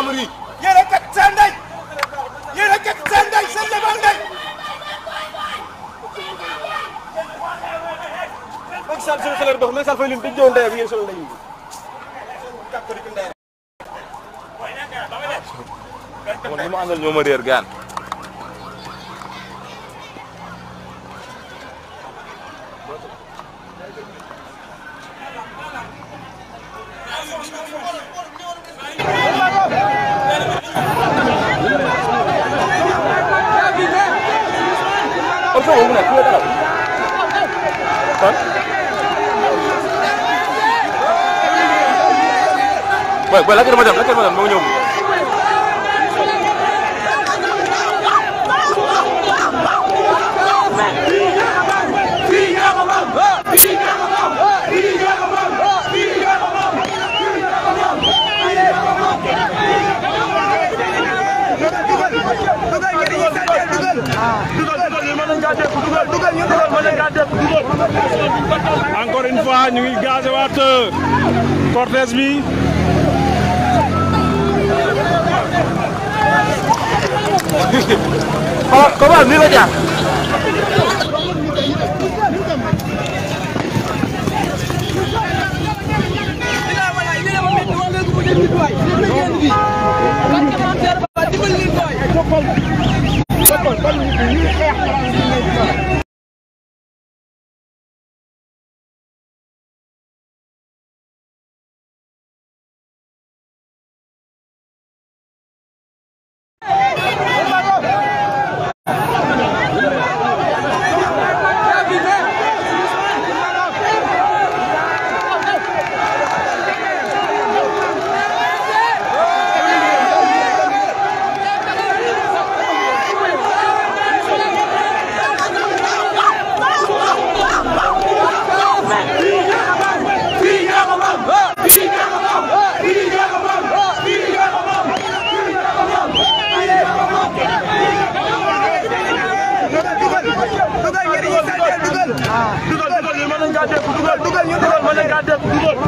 jaamur yi yéen a kat seen ndey yéen a kat seen ndey seen demal ndey Macky Sall seen xeler dox Macky Sall fay lim dañ jëwoon ndeyam ngeen solo ndey yi man li ma àndal ñoo ma réer gaan nag ba lakk ma dem lakk ma dem moo ñëw. encore une fois ñu ngi gazé waat euh, cortège bi có có bảo nguy cơ gì à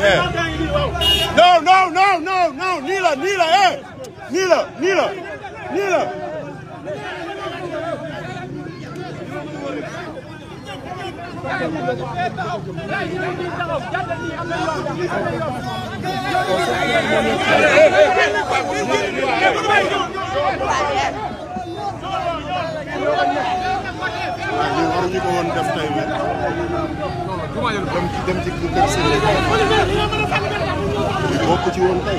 non non non non non nii la nii la eh nii la nii la nii la. waaw lii waruñu ko woon def tey bi dem ci dem ci kër Serigne bi bokk ci woon tey.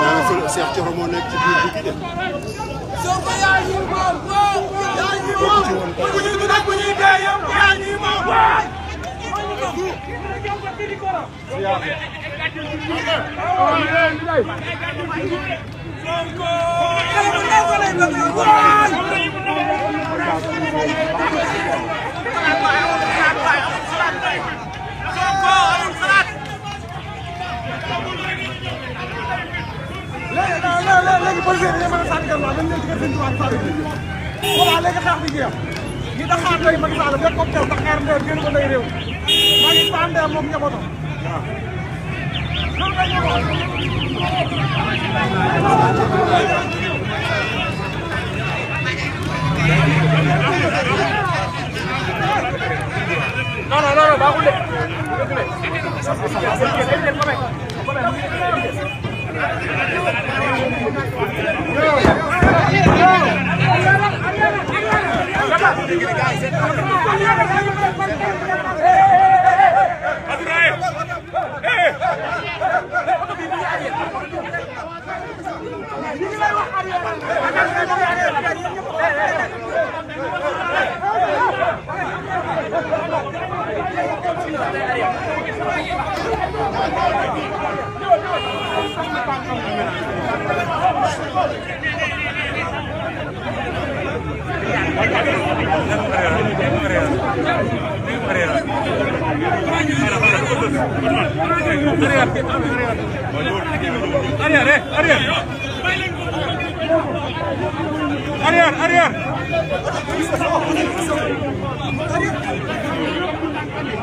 maanaam Cheikh Thioro moo nekk ci biir bi ki dem. bokk ci woon tey. léegi xaar bi jeex ñi taxaar lay Macky Sall nga cocktail taxaar ndeer gën ko day réew maa ngi tànnee moom njabootam non non non baaxul de dëgg la arrière, arrière. Arrière, arrière.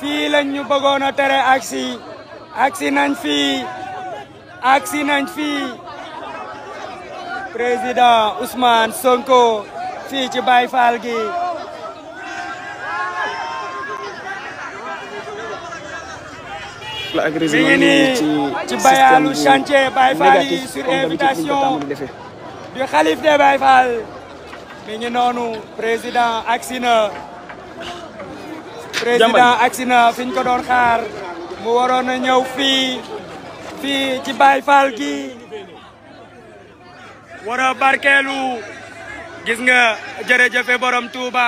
fii lañ ñu bëggoon a tere aksi aksi nañ fii aksi nañ fii président usmaan Sonko fii ci Baye Fall gi mi ngi nii ci bayalu chantier Baye Fall sur invitation du xalif de Baye Fall noonu président aksi na président agsi na fi ñu ko doon xaar mu waroon a ñëw fii fii ci Baye gi war a barkeelu gis nga jërëjëfe borom Touba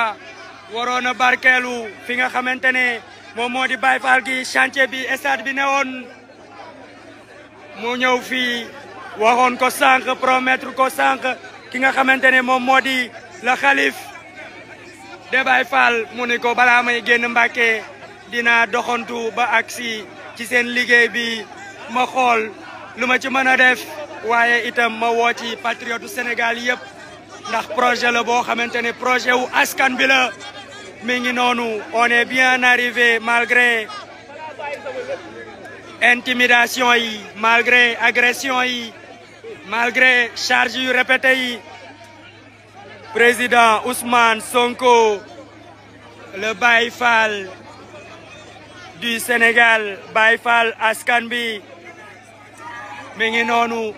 waroon a barkeelu fi nga xamante ne moom moo di Baye gi chantier bi stade bi newoon mu ñëw fii waxoon ko sànq promettre ko sànq ki nga xamante ne moom moo di la xalif Débaye fal mu ni ko balaa may génn Mbàkke dinaa doxantu ba agsi ci seen liggéey bi ma xool lu ma ci mën a def waaye itam ma woo ci patriote Sénégal yëpp ndax projet la boo xamante ne projet wu askan bi la mi ngi noonu on est bien arrivé malgré intimidation yi malgré agression yi malgré charge yu répété yi président Ousmane Sonko le Baye Fall du Sénégal Baye Fall askan bi mi ngi noonu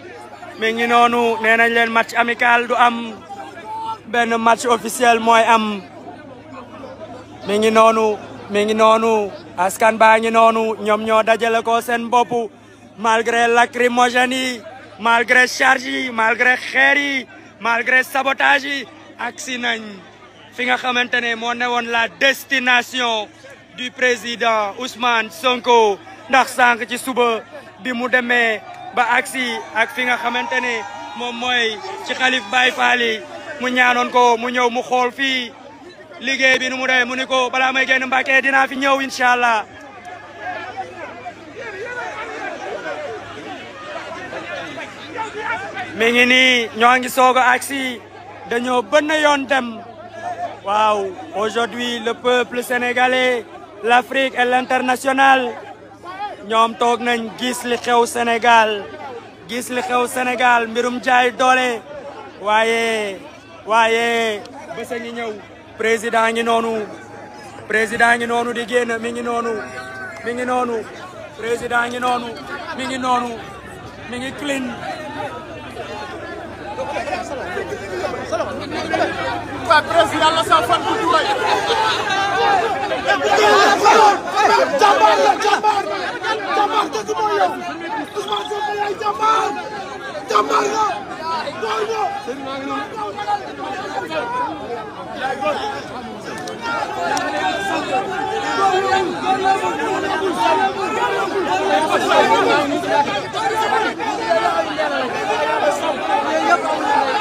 mi ngi noonu nee nañ leen match amical du am benn match officiel mooy am mi ngi noonu mi ngi noonu askan baa ngi dajale ko seen bopp malgré lacrymogène yi malgré charge yi malgré xeer malgré sabotage yi agsi nañ fi nga xamante ne moo newoon la destination du président Ousmane Sonko ndax sànq ci suba bi mu demee ba agsi ak fi nga xamante ne moom mooy ci xalif Baye Fall mu ñaanoon ko mu ñëw mu xool fii liggéey bi nu mu demee mu ni ko balaa may génn Mbàkke dinaa fi ñëw incha allah mi ngi nii ñoo ngi soog a agsi dañoo benn yoon dem waaw aujourd'hui le peuple sénégalais l'Afrique et l'international ñoom toog nañ gis li xew Sénégal gis li xew Sénégal mbirum jaay doole waaye waaye bés a ñëw président ngi noonu président ngi noonu di génn mi ngi noonu mi ngi président ngi noonu mi ngi noonu mi ngi clean waaw président yàlla sa fan bu dugal. jàmbaar la jàmbaar jàmbaar dëgg mooy yow Ousmane Sonko yaay jàmbaar jàmbaar la mooy yow. Thank you.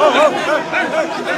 Oh, oh, hey, hey, hey.